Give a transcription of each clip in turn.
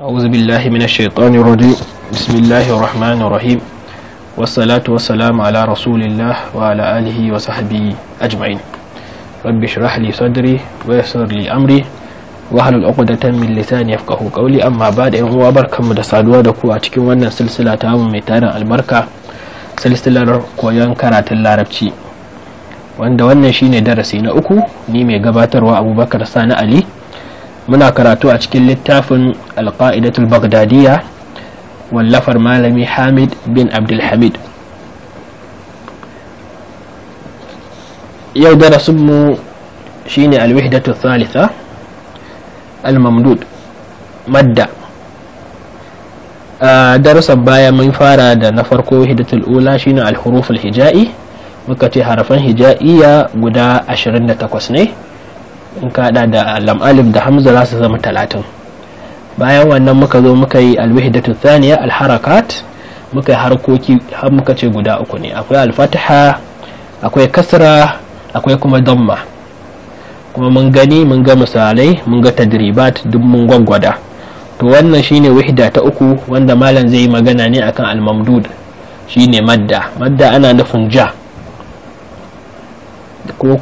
أعوذ بالله من الشيطان الرجيم بسم الله الرحمن الرحيم والصلاة والسلام على رسول الله وعلى آله وصحبه أجمعين رب اشرح لي صدري ويسر لي أمري وهل العقدة من لسان يفقه قولي أما بعد إن هو بركة مدساد ودكو أتكي وانا سلسلة تاهم ميتانا البركة سلسلة قويان كرات اللاربتي وان دوانا شيني درسين أكو نيمي قباتر وأبو بكر سان علي muna karatu a cikin littafin alƙa'idatul bagdadiya wallafar malami hamid bin abdulhamid yau darasinmu shine alwihdatu thalitha almamdud madda a darasan baya mun fara da na farko hidatul ula shine alhuruful hija'i muka ce harafan hija'iya guda 28 ne in ka da lam alif da hamza za su zama talatin bayan wannan muka zo muka yi alwihdatu thaniya alharakat muka yi harkoki har muka ce guda uku ne akwai alfataha akwai kasra akwai kuma damma kuma mun gani mun ga misalai mun ga tadribat duk mun gwaggwada to wannan shine wahida ta uku wanda malam zai yi magana ne akan almamdud shine madda madda ana nufin ja ko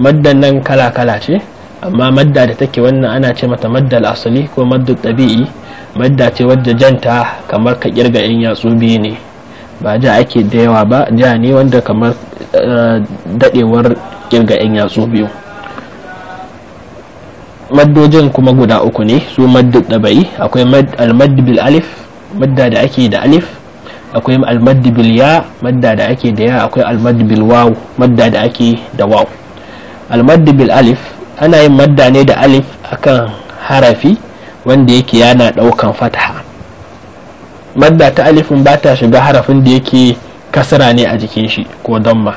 maddan nan kala-kala ce amma madda da take wannan ana ce mata maddal asali ko maddu tabi'i madda ce wadda janta kamar ka kirga yan yatsu biyu ne ba ja ake da yawa ba ja ne wanda kamar dadewar kirga yan yatsu biyu maddojin kuma guda uku ne su maddu tabi'i akwai almadd bil alif madda da ake da alif akwai almadd bil ya madda da ake da ya akwai almadd bil waw madda da ake da waw almaddu bil alif ana yin madda ne da alif akan harafi wanda yake yana daukan fataha madda ta alifin ba ta shiga harafin da yake kasara ne a jikin shi ko damma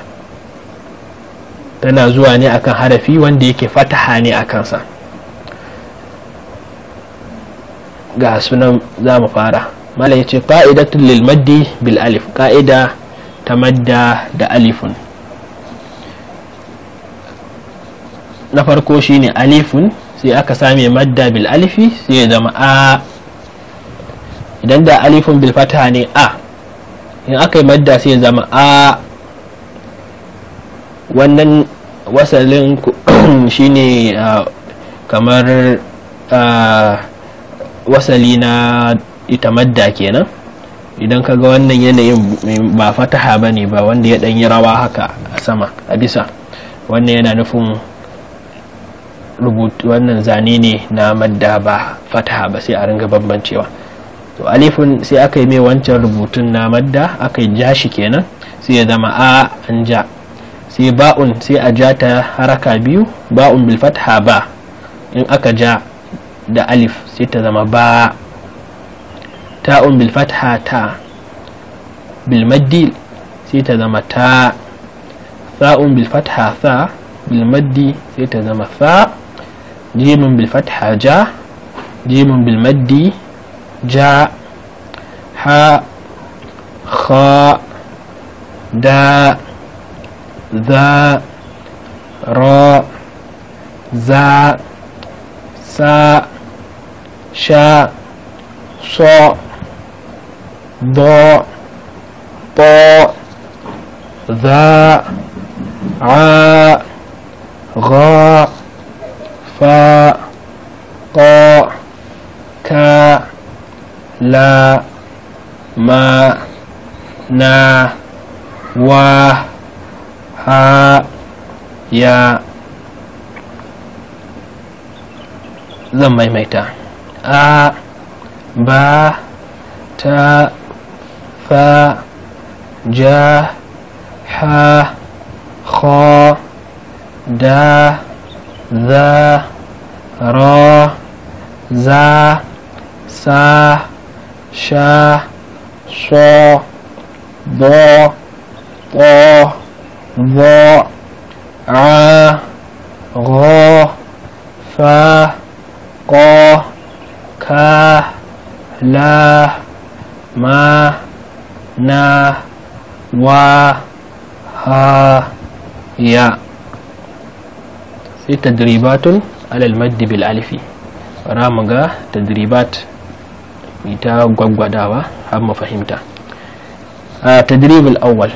tana zuwa ne akan harafi wanda yake fataha ne a kansa ga sunan za mu fara mala ya ce ka'idatun lil maddi bil alif ka'ida ta madda da alifun na farko shine alifun sai aka same madda bil alifi sai ya zama a idan da alifun bil fataha ne a in aka yi madda sai ya zama a wannan wasalin shine kamar wasali na ita madda kenan idan ka ga wannan yanayin ba fataha ba ne ba wanda ya ɗanyi rawa haka a sama a bisa wannan yana nufin rubutu wannan zane ne na madda ba fataha ba sai a ringa bambancewa to alifun sai aka yi mai wancan rubutun na madda aka yi ja shi kenan sai ya zama a an ja sai ba'un sai a ja ta haraka biyu ba'un bil fataha ba in aka ja da alif sai ta zama ba ta'un bil fataha ta bil maddi sai ta zama ta sa'un bil fataha sa bil maddi sai ta جيم بالفتحة جاء جيم بالمد جاء حاء خاء داء ذا راء زاء ساء شاء صاء ضاء طاء ذا عاء غاء فاء طاء كاء لا ما نا واه ها يا zan maimaita a ba ta fa ja ha kha da ذا را زا سا شا شا ضا طا ظا ع غا فا قا كا لا ما نا وا ها يا في تدريبات على المد بالالف bara mu ga tadribat ita gwaggwadawa har mu fahimta a tadribul awwal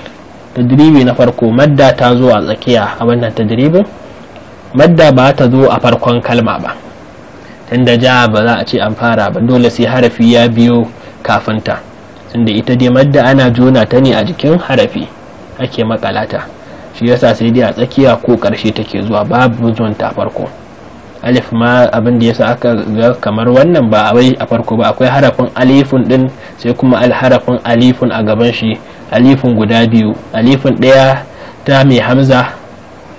tadribi na farko madda ta zo a tsakiya a wannan tadribin madda ba ta zo a farkon kalma ba tunda ja ba za a ce an fara ba dole sai harafi ya biyo kafinta tunda ita dai madda ana jona ta ne a jikin harafi ake makalata shi yasa sai dai a tsakiya ko karshe take zuwa babu zuwan ta farko alif ma abin da yasa aka ga kamar wannan ba a wai a farko ba akwai harafin alifun din sai kuma harafin alifun a gaban shi alifun guda biyu alifun daya ta mai hamza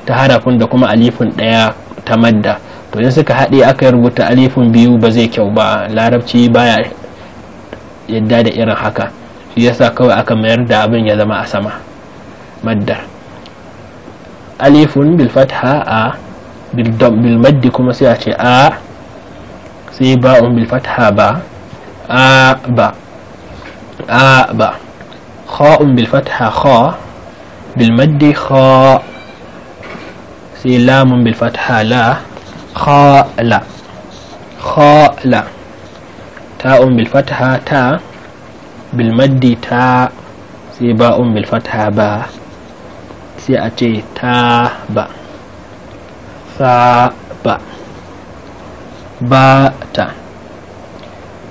ta harafin da kuma alifun daya ta madda to in suka haɗe aka rubuta alifun biyu ba zai kyau ba larabci baya yadda da irin haka shi yasa kawai aka mayar da abin ya zama a sama maddar ألف بالفتحة آ بالدم بالمد كما سيأتي آ سي باء بالفتحة با آ با آ با خاء بالفتحة خاء بالمد خاء سي لام بالفتحة لا خاء لا خاء لا تاء بالفتحة تا بالمد تاء سي باء بالفتحة با sai a ce ta ba sa ba ba ta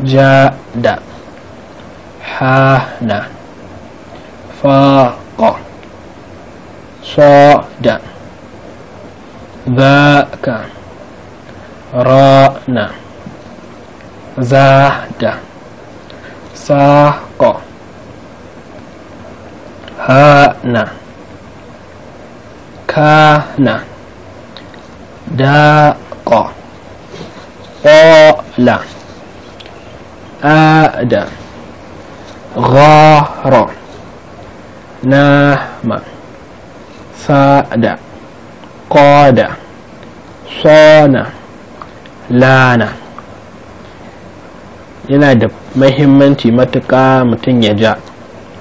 ja da ha na fa ko so da za ka ra na za da sa ko ha na kana daqa qala ada ghara nama sada qada sona lana yana da mahimmanci matuƙa mutum ya ja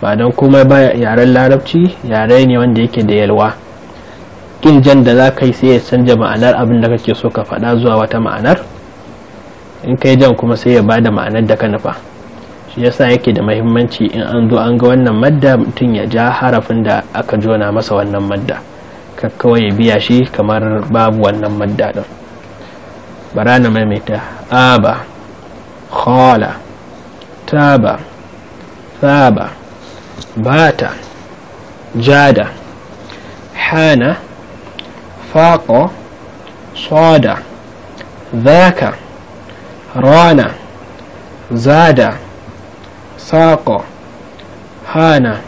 ba don kuma ba yaren larabci yare ne wanda yake da yalwa kin jan da za ka yi sai ya canja ma'anar abin da kake so ka faɗa zuwa wata ma'anar in ka yi jan kuma sai ya bada ma'anar da ka nufa shi yasa yake da mahimmanci in an zo an ga wannan madda mutum ya ja harafin da aka jona masa wannan madda kawai ya biya shi kamar babu wannan madda ɗin bara na maimaita aba khola taba Saba. bata jada hana فاق صاد ذاك ران زاد ساق هان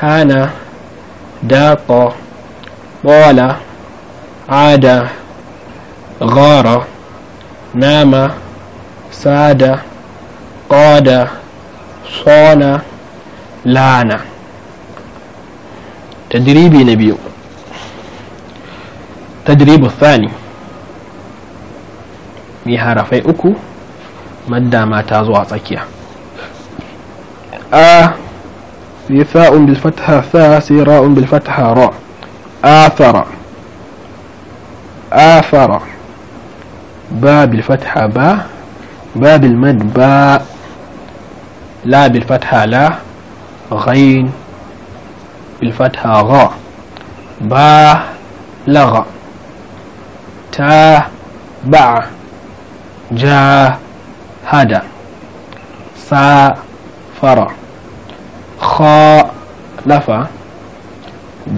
كان داق طال عاد غار نام ساد قاد صان لعن تدريبي نبيو تدريب الثاني mai harafai uku madda mata zuwa tsakiya a sai sa'un bil fatha sa sai ra'un bil fatha ra athara athara ba bil fatha ba ba bil mad ba la bil fatha la غين بالفتحة غا با لغا تابع جاهد سافر خالف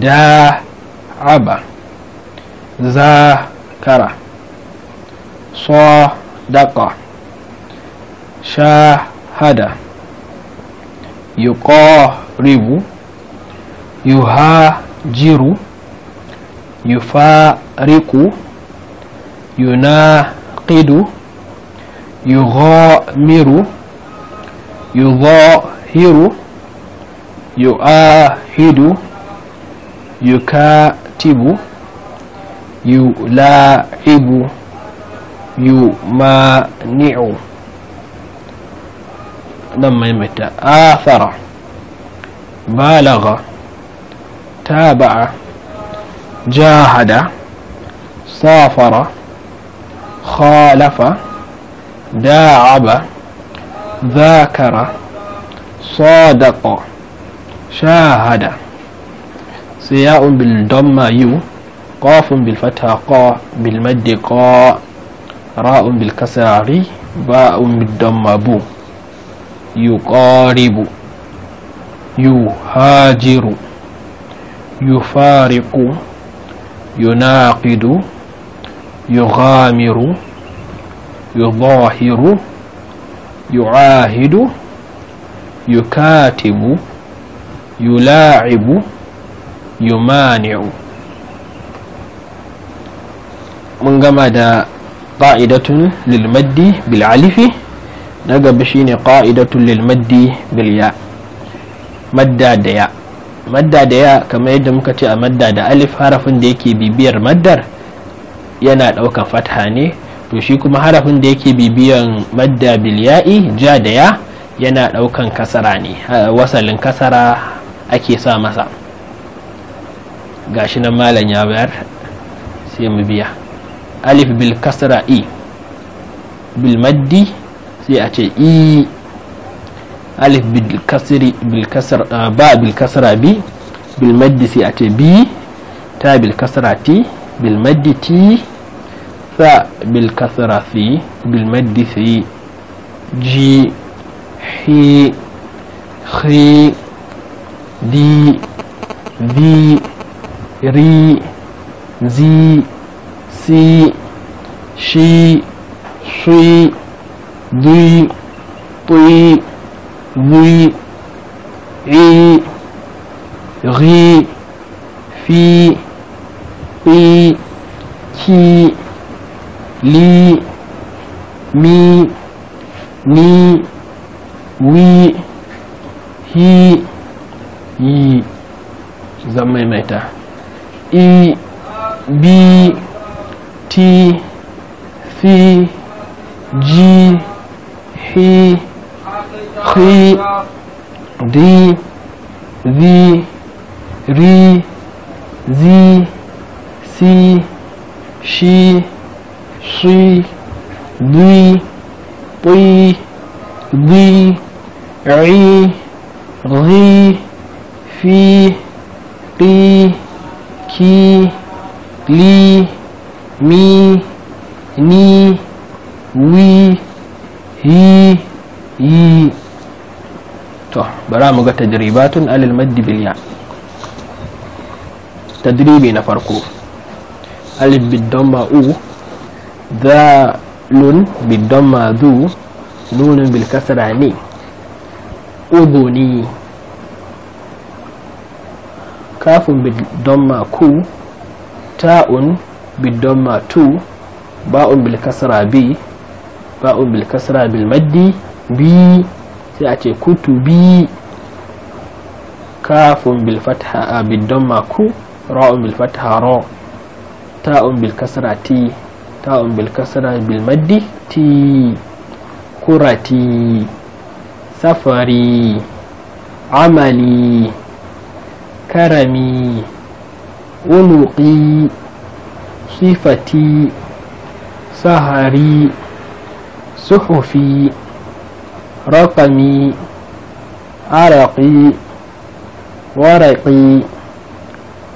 داعب ذاكر صدق شاهد يقارب يهاجر يفارق يناقد يغامر يظاهر يؤاهد يكاتب يلاعب يمانع لما نعم، يمت آثر بالغ تابع جاهد سافر خالف داعب ذاكر صادق شاهد سياء بالضم يو قاف بالفتح قا بالمد قا راء بالكسر باء بالضم بو يقارب يهاجر يفارق يناقد يغامر يظاهر يعاهد يكاتب يلاعب يمانع من جمع قاعدة للمد بالعلف نجب شين قاعدة للمد بالياء مد دياء مد دياء كما يدمك مد ألف حرف ديكي ببير مدر yana ɗauka fatha ne to shi kuma harafin da yake bibiyan madda bilya'i ja da ya yana ɗaukan kasara ne wasalin kasara ake sa masa gashi nan malam ya bayar sai mu biya alif bil kasara i bil maddi sai a ce i alif bil kasri bil ba bil kasara bi bil maddi sai a ce bi ta bil kasara ti بالمد تي ف بالكثرة في بالمد في جي حي خي دي ذي ري زي سي شي شي ضي طي ضي عي غي في i ki li mi ni wi hi yi zan maimaita i bi ti fi ji hi khi di zi ri zi سي شي شي دي طي دي عي غي في قي كي لي مي ني وي هي يي تو برامج تدريبات على المد بالياء تدريبي نفركو ألف بالضمة أو ذال بالضمة ذو نون بالكسر ني أذني كاف بالضمة كو تاء بالضمة تو باء بالكسر بي باء بالكسر بالمد بي سيأتي كتبي كاف بالفتحة بالضمة كو راء بالفتحة راء تاء بالكسرة تي تاء بالكسرة بالمد تي كرتي سفري عملي كرمي عنقي صفتي سهري صحفي رقمي عرقي ورقي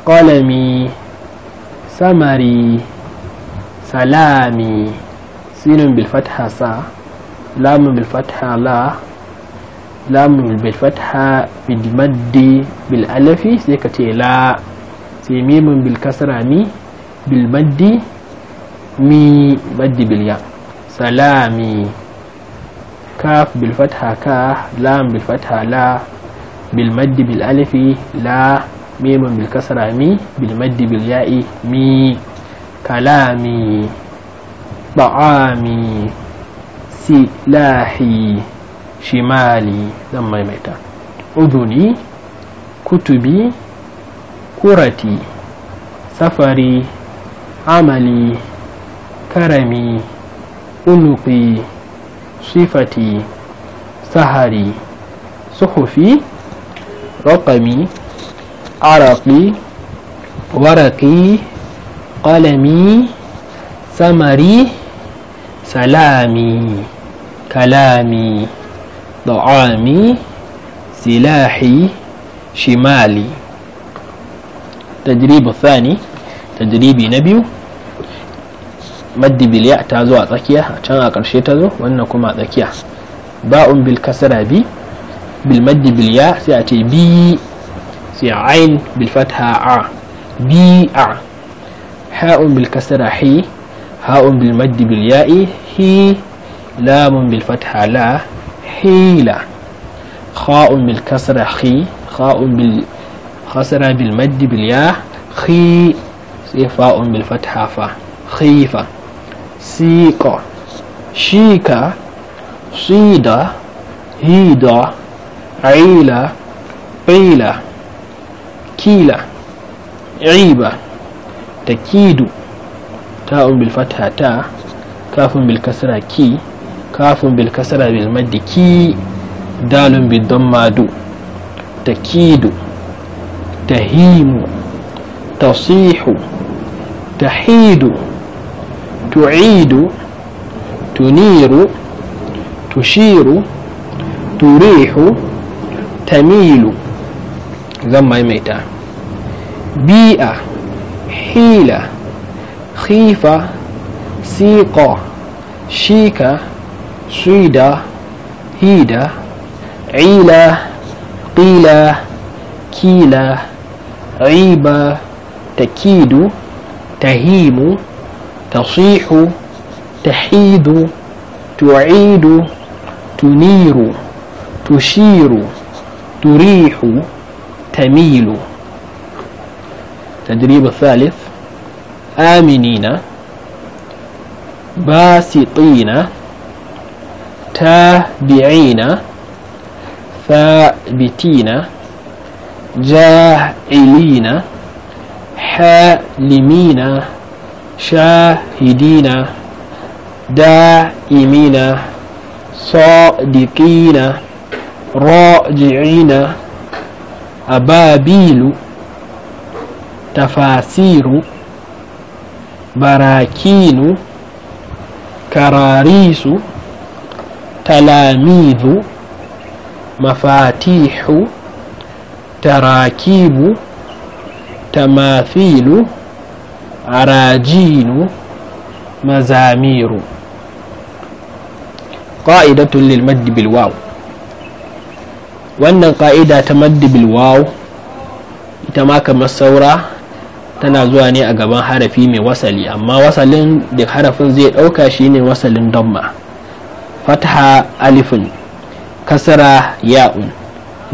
قلمي samari سلامي سين بالفتحة سا لام بالفتحة لا لام بالفتحة بالمد بالألف سيكتي لا سيميم بالكسرة مي بالمد مي مد بالياء سلامي كاف بالفتحة كاه لام بالفتحة لا بالمد بالألف لا ميم بالكسرة مي بالمد بالياء مي كلامي طعامي سلاحي شمالي دم ميتا أذني كتبي كرتي سفري عملي كرمي أنقي صفتي سهري صحفي رقمي عرقي ورقي قلمي ثمري سلامي كلامي طعامي سلاحي شمالي تدريب الثاني تدريبي نبيو مد بالياء تازو اتاكيا عشان أقرشي تازو وأنكم اتاكيا باء بالكسرة بي بالمد بالياء سيأتي بي سي عين بالفتحة ع بي ع حاء بالكسرة حي هاء بالمد بالياء هي لام بالفتحة لا حيلة خاء بالكسرة خي خاء بالخسرة بالمد بالياء خي فاء بالفتحة فا خيفة سيكا شيكا صيدا هيدا عيلة قيلة كيلة عيبة تكيد تاء بالفتحة تاء كاف بالكسرة كي كاف بالكسرة بالمد كي دال بالضمة دو تكيد تهيم تصيح تحيد تعيد تنير تشير تريح تميل zan maimaita bi'a hila khifa siqa shika shida hida عيلة قيلة كيلة عيبة تكيد تهيم تصيح تحيد تعيد تنير تشير تريح تميل تدريب الثالث آمنين باسطين تابعين ثابتين جاعلين حالمين شاهدين دائمين صادقين راجعين أبابيل تفاسير براكين كراريس تلاميذ مفاتيح تراكيب تماثيل أراجين مزامير قائدة للمد بالواو wannan ƙa'ida ta maddibil waw ita ma kamar saura tana zuwa ne a gaban harafi mai wasali amma wasalin da harafin zai ɗauka shi ne wasalin damma fataha alifin kasara ya'un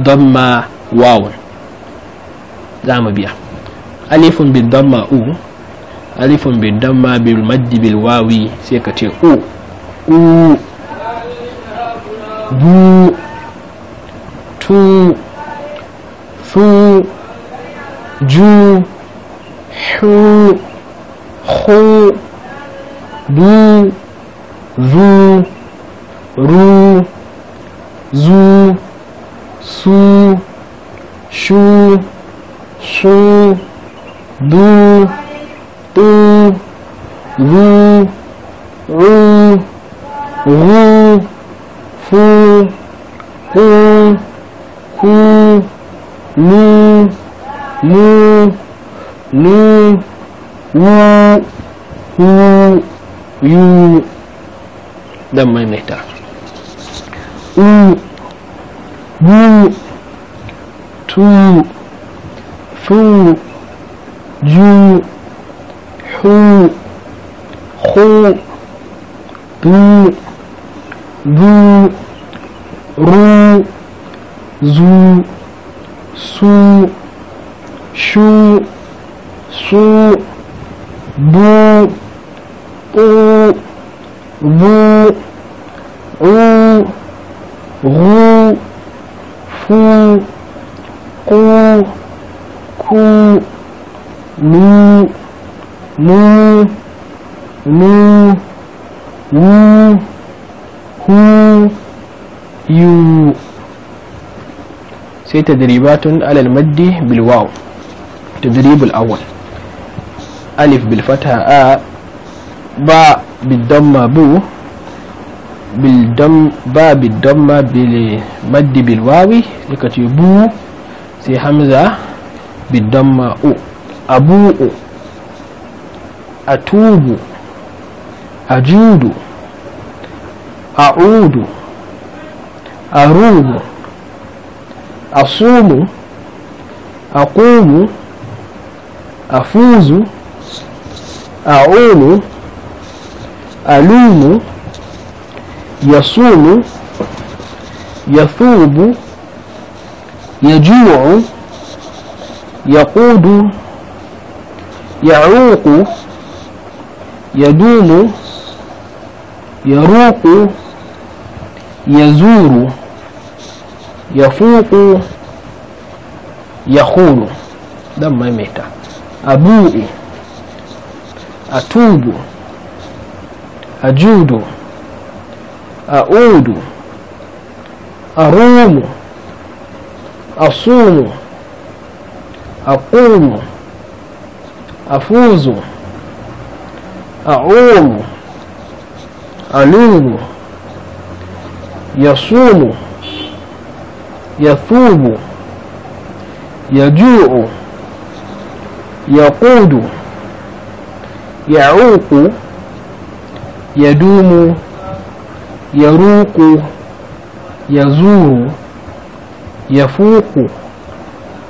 damma wawun za mu biya alifin bin damma u alifin bin damma bil maddibil wawi sai ka ce u u تو ثو جو حو خو بو ذو رو زو سو شو شو دو تو ذو رو غو فو هو u nu mu nu wu hu yu The maimaita u bu tu fu ju hu khu bu bu ru zu, su, shu, su, bu, u, bu, u, ru, fu, ku, ku, lu, lu, lu, wu, hu, you سي تدريبات على المد بالواو التدريب الأول ألف بالفتحة آ باء بالضمة بو بالدم باء بالضمة بالمد بالواو لكتبو سي حمزة بالضمة أو أبوء أتوب أجود أعود أروب أصوم أقوم أفوز أعون ألوم يصوم يثوب يجوع يقود يعوق يدوم يروق يزور يفوق يخون دم يميتا أبوء أتوب أجود أعود أروم أصوم أقوم أفوز أعوم ألوم يصوم يثوب يجوع يقود يعوق يدوم يروق يزور يفوق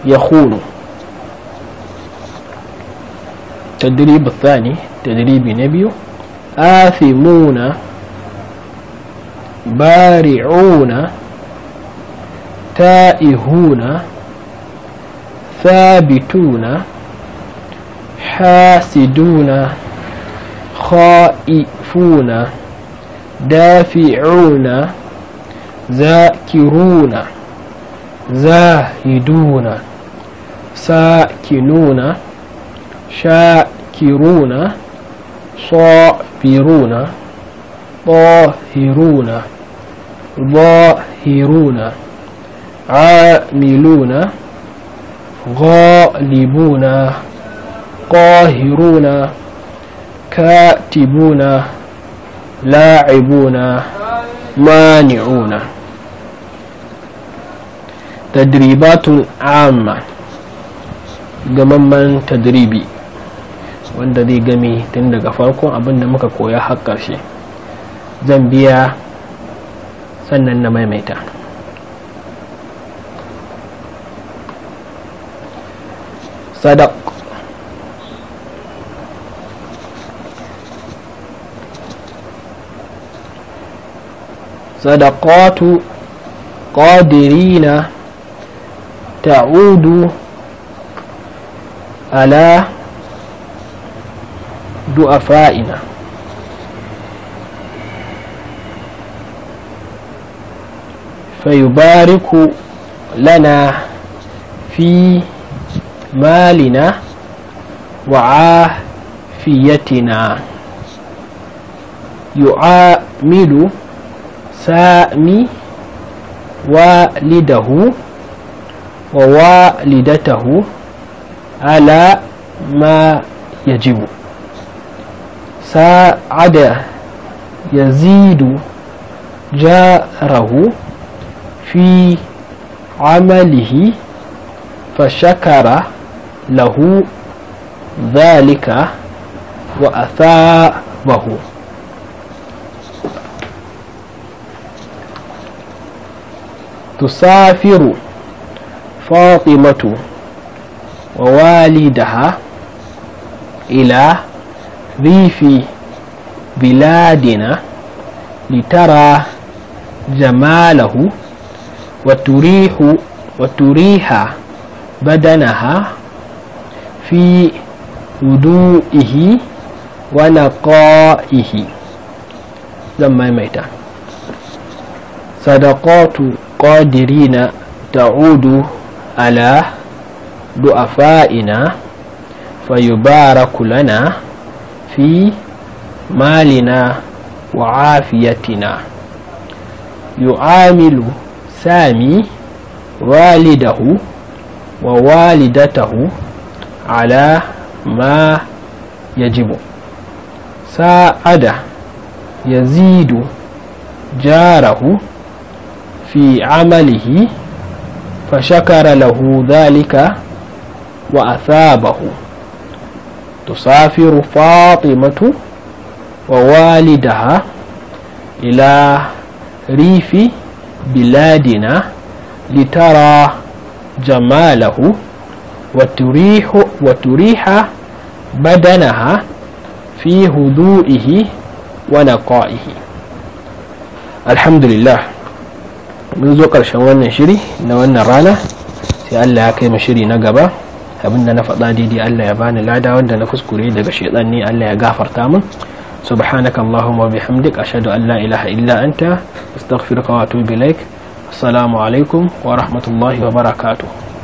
يخون التدريب الثاني تدريب نبي آثمون بارعون تائهون ثابتون حاسدون خائفون دافعون ذاكرون زاهدون ساكنون شاكرون صابرون طاهرون ظاهرون عاملون غالبون قاهرون كاتبون لاعبون مانعون تدريبات عامة gamamman tadribi wanda zai gami tun daga farkon abin da muka koya har ƙarshe zan biya sannan na maimaita صدق صدقات قادرين تعود على دعفائنا فيبارك لنا في مالنا وعافيتنا يعامل سامي والده ووالدته على ما يجب ساعد يزيد جاره في عمله فشكر له ذلك وأثابه تسافر فاطمة ووالدها إلى ريف بلادنا لترى جماله وتريح وتريح بدنها في ودوئه ونقائه زما ميتا صدقات قادرين تعود على ضعفائنا فيبارك لنا في مالنا وعافيتنا يعامل سامي والده ووالدته على ما يجب ساعد يزيد جاره في عمله فشكر له ذلك وأثابه تسافر فاطمة ووالدها إلى ريف بلادنا لترى جماله وتريح وتريح بدنها في هدوئه ونقائه الحمد لله mun zo ƙarshen wannan shiri na wannan rana sai Allah ya kai mu shiri na gaba abinda na faɗa daidai Allah ya bani lada wanda na kuskure daga shaitan ne Allah ya gafarta min subhanaka allahumma bihamdik ashhadu an la ilaha illa anta astaghfiruka wa atubu ilaik assalamu alaikum wa rahmatullahi wa barakatuh